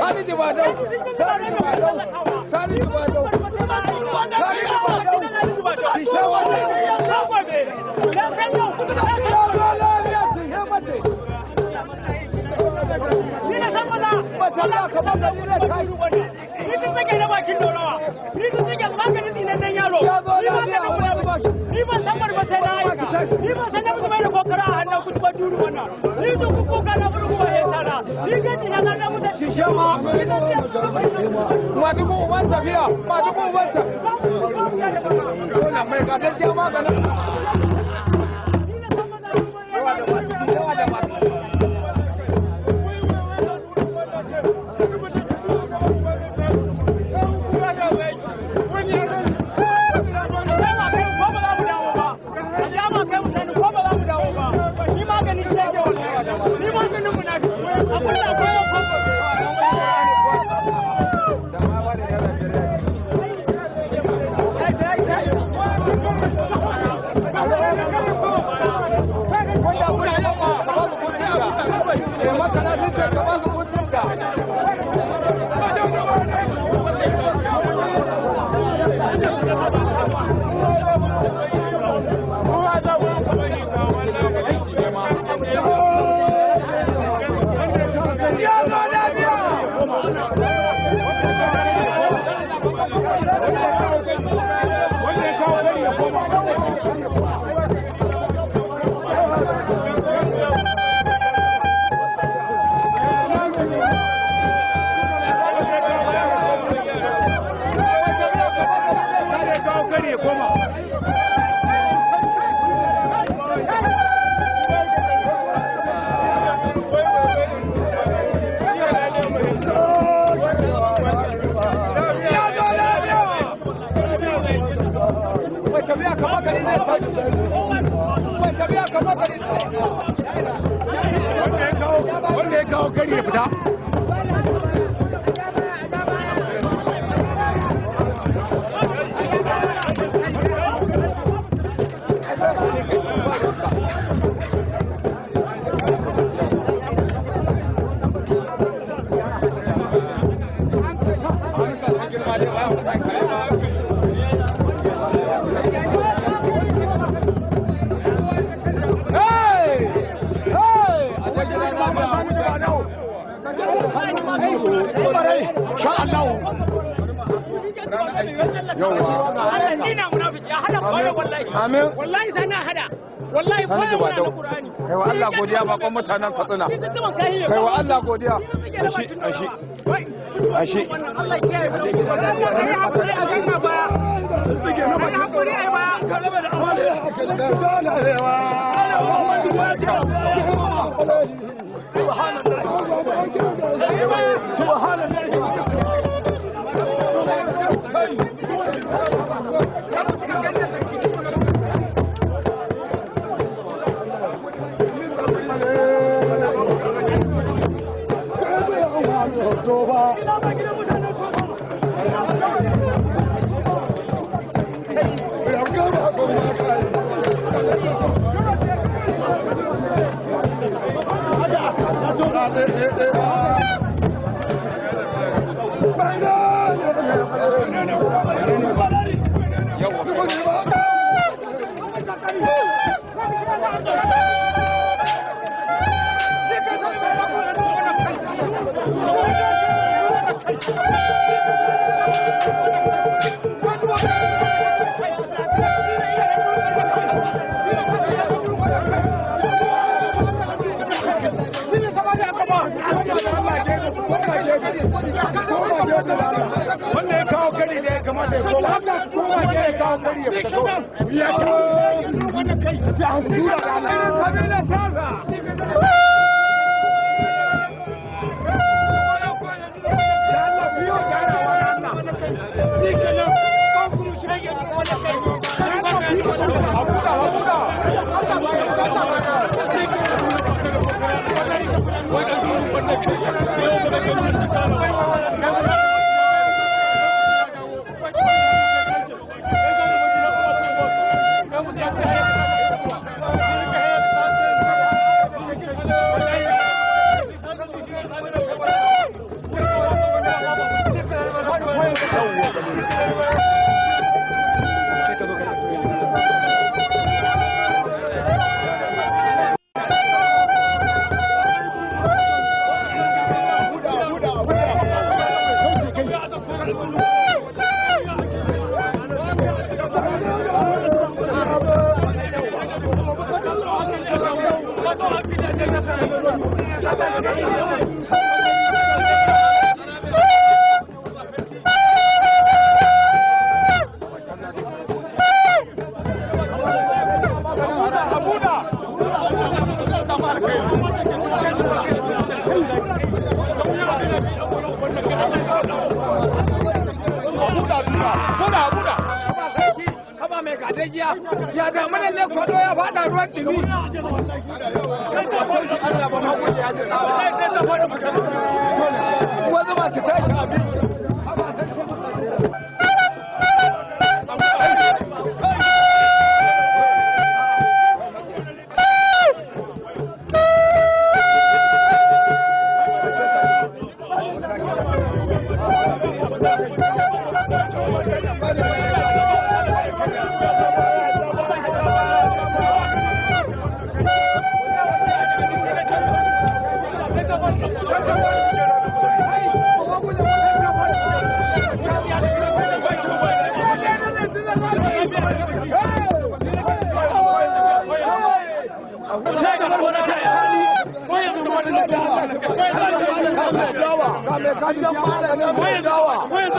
Sani Jibadau, Sani Jibadau, Sani Jibadau, Ni ban san barba sai na aika, ni ban san na musu mai da kokara a hannun kutu ba duru wannan, ni zan na kana burbuwa ya sara, ni gaci shanar na na shishe ma, ni zan siya su kafa madugu uban tafiya madugu uban tafiya. Wannan mai gadon jama ganin. 大哥这高跟你不搭。yawa Allah ni na munafiki a hada koyo wallahi amin wallahi sai hada wallahi koyo wannan alqur'ani kai wa Allah godiya ba kon mutanen Katsina kai wa Allah godiya ashi ashi ashi Allah kiyaye mu ba ba kalaba da Wai dan duru banda kai, yau da kan duru ta Come on, come on. faɗa ruwan ɗumi wani ba ki tashi abin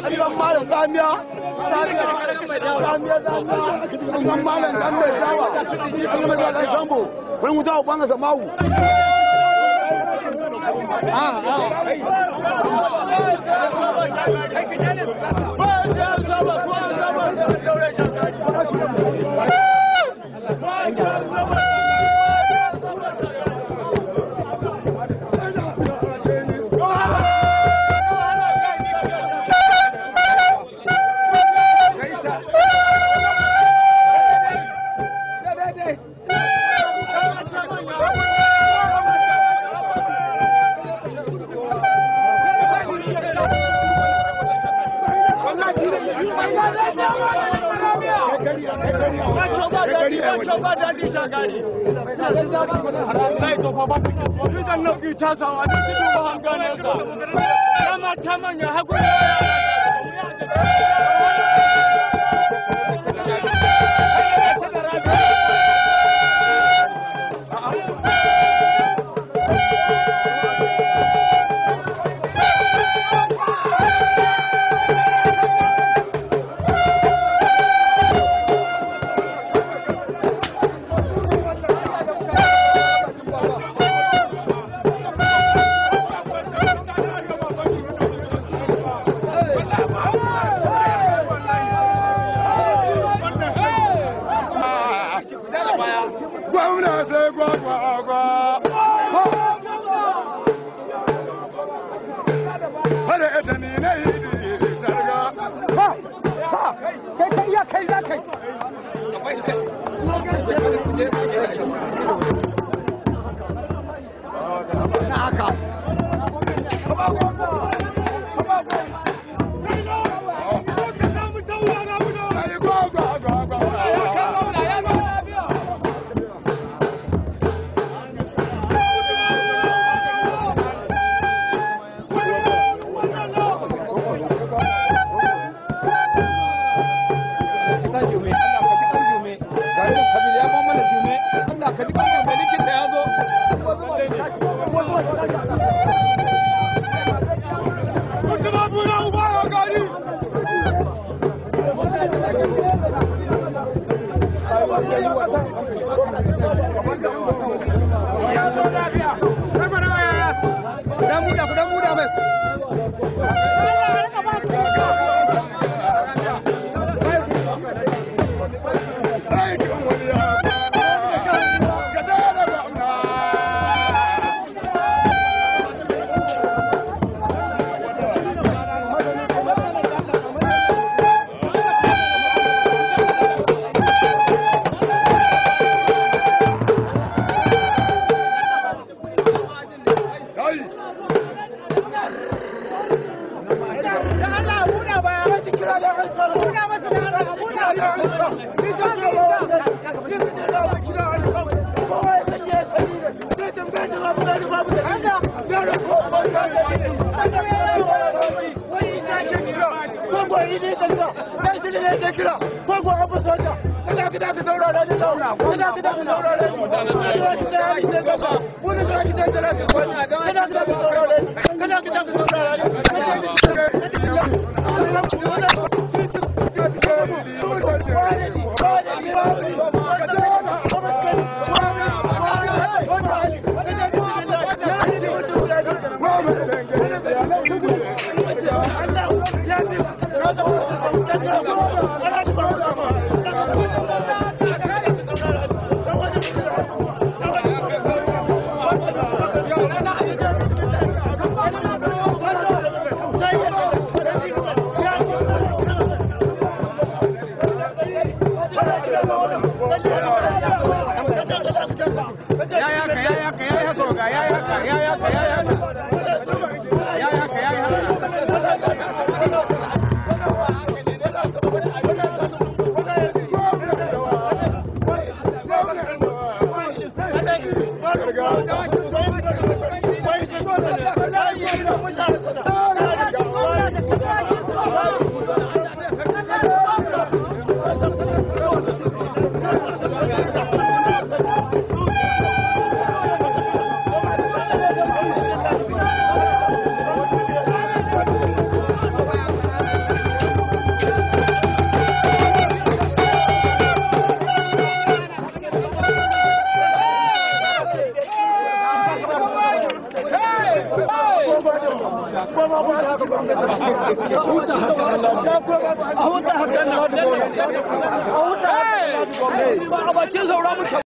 ɗan malam tsamiya ɗan malam a wallahi to fa ba ku ke ni dan nan ki ta sawa ni ki duba hangana sa kama ta manya hakuri 哎，快点！ina ka Allah ya